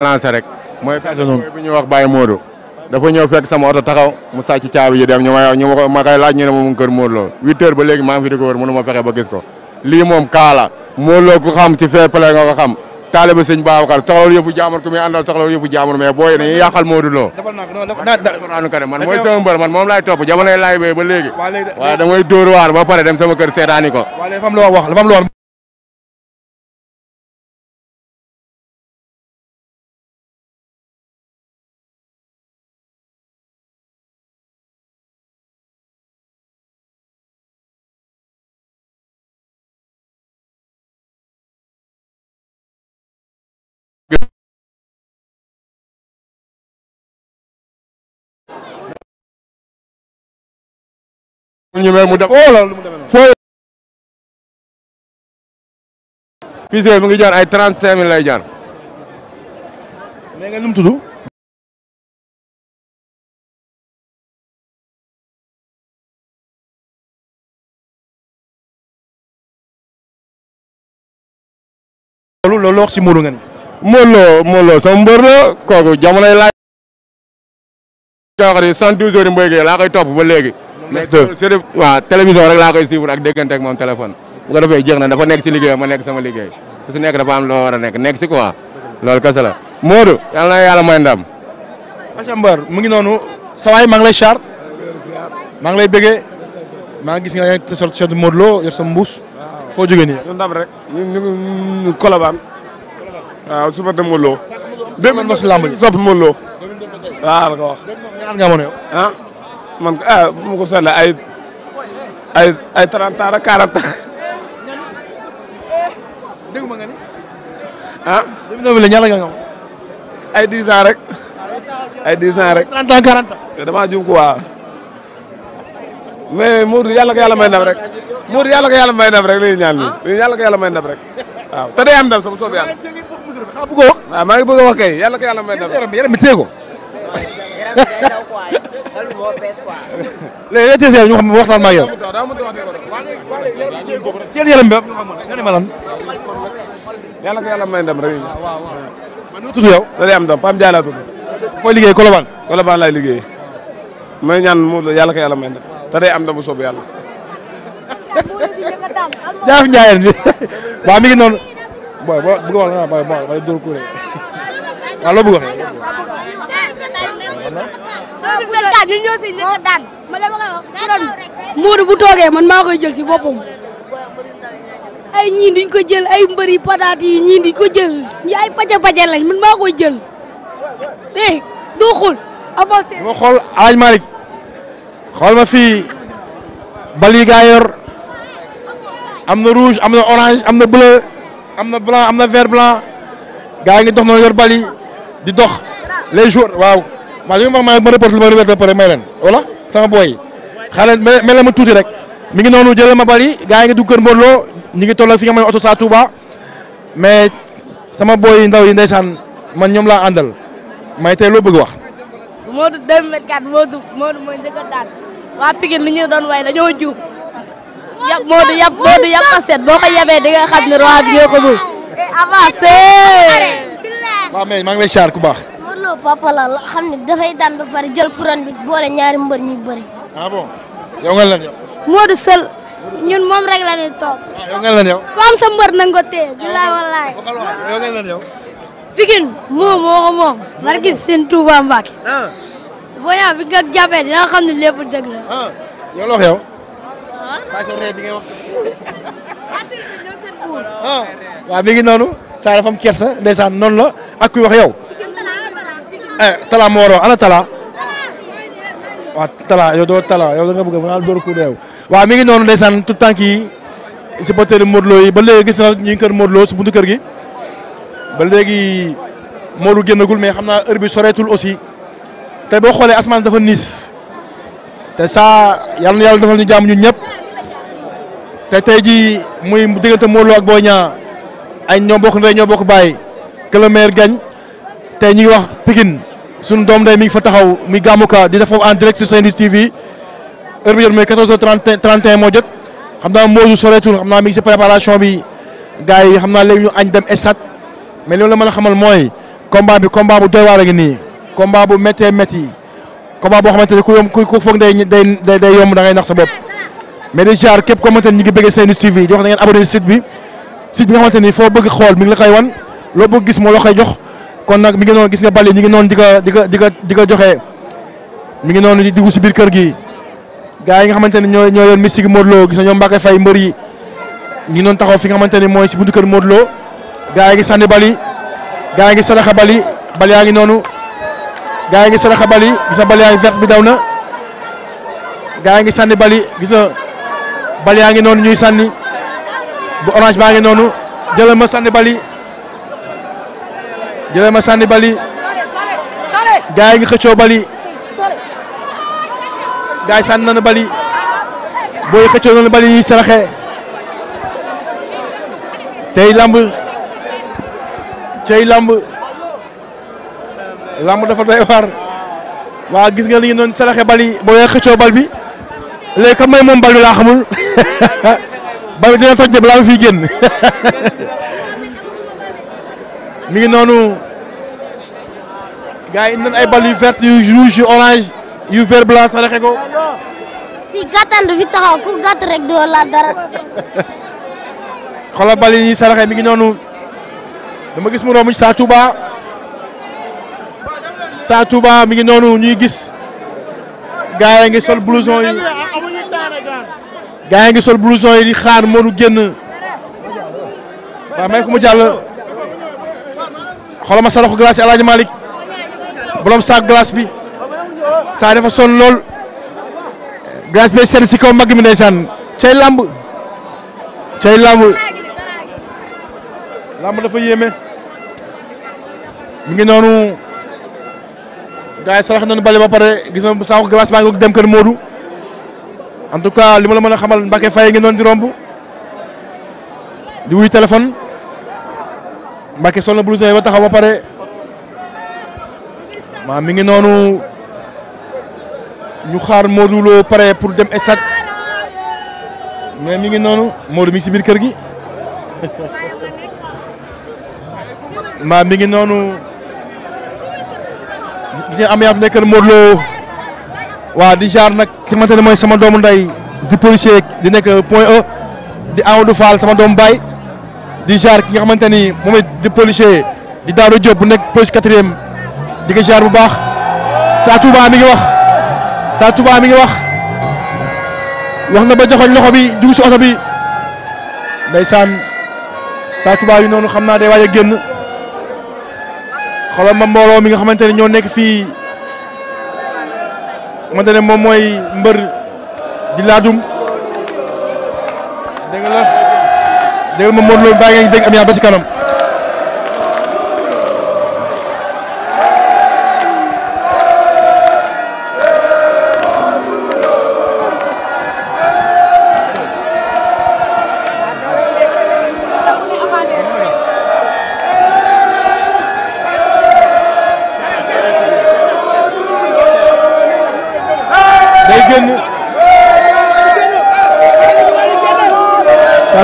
lancé rek fessu non bi ñuy wax Baye Modou dafa ñew fekk sama auto taxaw mu ci tiaw yi dem ñu ma ñu ma kay laaj ñu ne mu ngi Modou Lo heures ba legi ma fi diko wër mënu ma fexe ba gis ko li mom kala Modou Lo ku xam ci fair-play nga ko xam taaliba sëñ Babacar soxlawul yëpp jaamur ku muy àndal soxlawul yëpp jaamur mais boy dañuy yàqal Modou Lo daanu ka man mooy sama mbeur man mom lay top jamono lay bay ba léegi waaye damay door war ba paré dem sama kër sétani ko ñemee mu def oh loolu mu demee fooy. Pise mu ngi jaar ay trente lay jaar. nga wax si Modou ngeen. Modou Lo Modou Lo la kooku jamonoy laaj. caaxaan yi heures koy ba les deux waaw télévision rek ak déggante ak moom téléphone bu ko defee jeex na dafa nekk si liggéeyam ma nekk sama liggéey ku si nekk dafa am loo war a nekk nekk si quoi loolu kese la Modou yàlla ma yàlla may ndam Achambar mu ngi noonu sa waay maa ngi lay char maa ngi lay bëggee maa ngi gis nga yaa ngi sol t-shirt Modou Lo yor sa mbuus foo jógee nii ñu ndam rek ñu ñu Colobane waaw suba de Modou Lo démb ma si làmb ji sopp Modou Lo waaw la ko wax ñaar nga amoon yow ah? man ko ah bu ma ko sonné ay ay ay 30 ans ak 40 ans. dégg ma nga ni. ah. dégg naa la ñaata nga ñoom. ay 10 ans rek. ay 10 ans rek. 30 ans 40 ans. damaa juum ko waaw. mais Modou yàlla ko yàlla may ndam rek Modou yàlla ko yàlla may ndam rek li ñaan nii ah? yàlla ko yàlla may ndam rek waaw te day am ndam sama soob yàlla. waaw maa ngi bëgg a wax kay yàlla ko yàlla may ndam. yaram bi téye ko. loolu moo fees ñu xam waxtaan ma yow. seen yaram bi nga ne ma ko may ndam rek. man yow. da am ndam Pam Ndiaye laa tudd. fooy liggéey Colobane. Colobane laay liggéey. may ñaan mu yàlla ko yàlla may ndam. te day am ndam bu soobu jaaf Ndiaye bi mi ngi noonu. booy boo bëgg wax waaw 2024 ñun ñoo siy njëkk daan. Oh, ma la bu toogee man maa koy jël si boppam. ay ñii duñ ko jël ay mbëri pataat yi ñii duñ ko jël ñi ay paja paja lañ man maa koy jël dégg eh, doo xool avancé. nga xool Alaaji ma fii bal gaa yor am na rouge am na orange am na bleu am na blanc am na vert blanc gaa yi ngi dox noonu yor bal di dox les jours waaw. waaw ñu ma ma ma ma reporté pare may wala sama boy xale mel ma tuuti rek mi ngi noonu jëlal ma bari gaa nga dugg kër Modou ñi ngi fi nga Touba mais sama boy ndaw yi ndeysaan man ñoom laa àndal may tey loo bëgg wax. Modou 2024 Modou Modou mooy njëkk daan waa Pikine li ñu doon way dañoo juum yab Modou yab Modou yab ko set boo di nga roi bi ko ngi lay ku baax. Modou Lo papa la la xam ne dafay daan ba pare jël couronne bi boole ñaari mbër ñu bëri. ah bon yow nga lan yow. Modou Sël ñun moom rek la ñuy toog. waaw ah, yow nga lan yow. ku am sa mbër na nga ko téye. bilaay walaay yow nga lan yow. Pikine moom moo ko moom. barki seen Touba Mbacke. booyaa ah. bi nga jàppee dina xam ne lépp dëgg la. Ah. yow loo yow. waaw sa réer bi ngay wax. waaw mi ngi noonu saa dafa am kersa ndeysaan noonu la ak kuy wax yow. Talla eh, tala waroon ana tala waaw tala yow doo tala yow da nga bëgg a al door ku deew waaw mi ngi noonu ndeysaan tout tànk yi supporter Modou Lo yi ba léegi gis na ñu ngi kër Modou Lo si buntu kër gi ba léegi Modou génnagul mais xam naa heure bi soreetul aussi te boo xoolee asamaan dafa niis te saa yal na yàlla defal ñu jàmm ñun ñëpp te tey jii muy diggante Modou ak Boy ay ñoo bokk ndey ñoo bokk bàyyi que le maire gagne tey ñu wax Pikine suñu doom day mi ngi fa taxaw mi gàmmuka di def foofu en direct sur Saint-Louis TV mooy moo jot xam naa Modou soreetul xam naa mi ngi préparation bi gars yi xam naa léegi ñu añ dem stade mais loolu la mën a xamal mooy combat bi combat bu doy waar a ngi nii combat bu méttee yi combat boo xamante ne ku yomb ku foog day day day yomb da nax sa bopp mais di jaar képp koo xamante ñu ngi bëggee Saint-Louis TV di wax na ngeen abonné si bi site bi nga xamante xool mi ngi la koy wan loo bëgg gis moo la koy jox kon nak mi ngi non gis nga bali ñi ngi non diga diga di ko joxe mi ngi non di dugg ci bir kër gi gaay nga xamanteni ne ñoo ñoo yoon mystique Modou gis ñoo Mbacke taxaw fi nga xamanteni moy ci buntu kër modlo gaay gi bali gaay gi ngi bali bali yaa nonu noonu gars yi bali gis bal bali vert bi dawna na gi yi bali gis bal bali nonu ñuy sanni bu orange baangi nonu jeul ma bali jëlee ma sànni bali gars yi ngi xëccoo bali gars yi sànni nañu bali booy xëccoo nañu bali saraxe tey lamb tey làmb lamb dafa doy waar waa gis nga li ñu doon saraxe bali booy xëccoo bal bi léegi kam may moom bal bi laa xamul bal dina toj de balaa ma fiy mi ngi noonu gars yi nan ay bal yu vert yu rouge yu orange yu vert blanc saraxe ko. fii gàttandu fi taxaw ku gàtt rek doo la dara. xoolal bal yi ñuy saraxe mi ngi noonu dama gis mu romb Sa Touba Sa Touba mi ngi noonu ñuy gis gars yi ngi sol blouson yi gars yi ngi sol blouson yi di xaar moo nu génn waaw may ko mu jàll. Kalau masalah sa ya loxo glace El Hadj Malick borom glace bi Saya dafa sonn lol glace bay sedd si kaw mag mi lambu, cai lamb Lambu lamb lamb dafa Mungkin mi ngi noonu nonu balik sarax nañu bale ba pare gis na saako glace baa ngi dem kër Modou en tout cas li la xamal di rombu di wuy téléphone. Mbacké solo na blouson ba taxaw ba pare maa mi ngi noonu ñu xaar Modou Lo pare pour dem stade mais mi ngi noonu Modou mi si biir kër gi maa mi ngi noonu gis nga am yaa nekkal Modou waa di jaar nag ki xamante mooy sama doomu nday di policier di nekk point E di Amadou Fall sama doom baay. di jaar ki nga xamante ni moom it di policier di Daouda Diop bu nekk police quatrième di ko jaar bu baax Sa Touba mi ngi wax Sa Touba mi ngi wax wax na ba joxoñ loxo bi dugg oto bi ndeysaan Sa Touba yi noonu xam naa day waaj a génn xoolal ma mbooloo mi nga xamante ne ñoo nekk fii xamante ne moom mooy mbër di laadum dégg nga Modou Lo bàyyi ngeen dégg am yaa ba si kanam.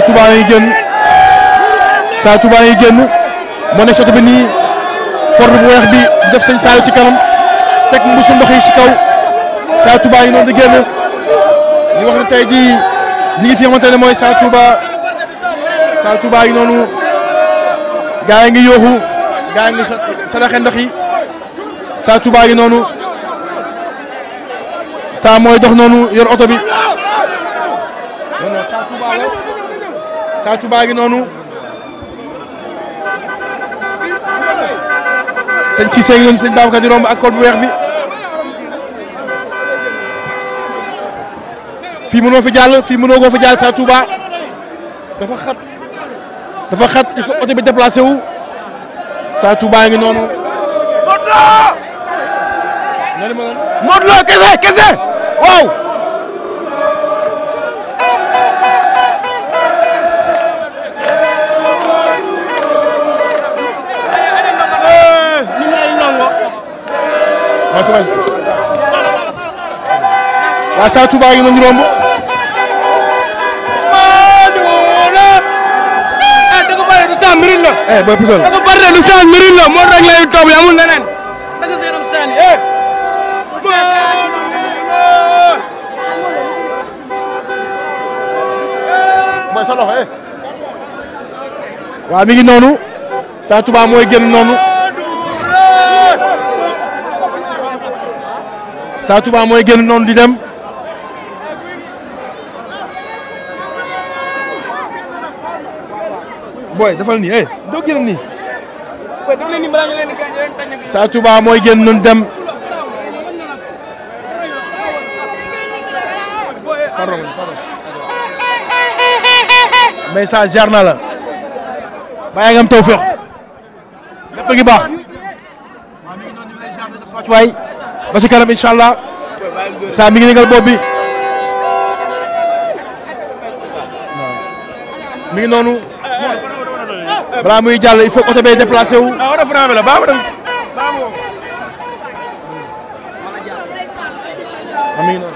Touba lañu génn Sa Touba yi génn moo nekk soto bi nii ford bu weex bi def sëñ Saliou si kanam teg mbusu ndox si kaw saa Touba yi noonu di génn ñu jii ñi ngi fi xamante ne Sa Touba Sa Touba yi noonu gaa yi ngi yooxu gaa yi ngi saraxe ndox yi Sa Touba yi noonu saa mooy dox noonu yor oto bi Sa Touba la gi noonu sëñ Cissé ngi sëñ Babacar di romb ak col bu weex bi fii mënoo fi jàll fii mënoo koo fi jàll sa Touba dafa xat dafa xat il bi déplacé wu sa Touba ngi noonu. Modou Lo kese kese waaw. Touba yi waa Saa Touba yi nañu romb. cent mille la eh booy pusal da ko bari de lu cent mille la moo rek lay toog amul leneen da nga seeram sali eh mooy sa loxo eh. ngi noonu Sa Touba mooy génn noonu Sa Touba mooy génn noonu di dem booy defal nii eh doo génn nii. booy def leen mooy génn noonu dem. pardon mais ça jar la. bàyyi nga taw féex. lépp gi baax. na sax sa ba ci kanam incha allah saa mi ngi yëngal bopp bi mi ngi noonu balaa muy jàll il faut que oto bee déplacé wu. amiin.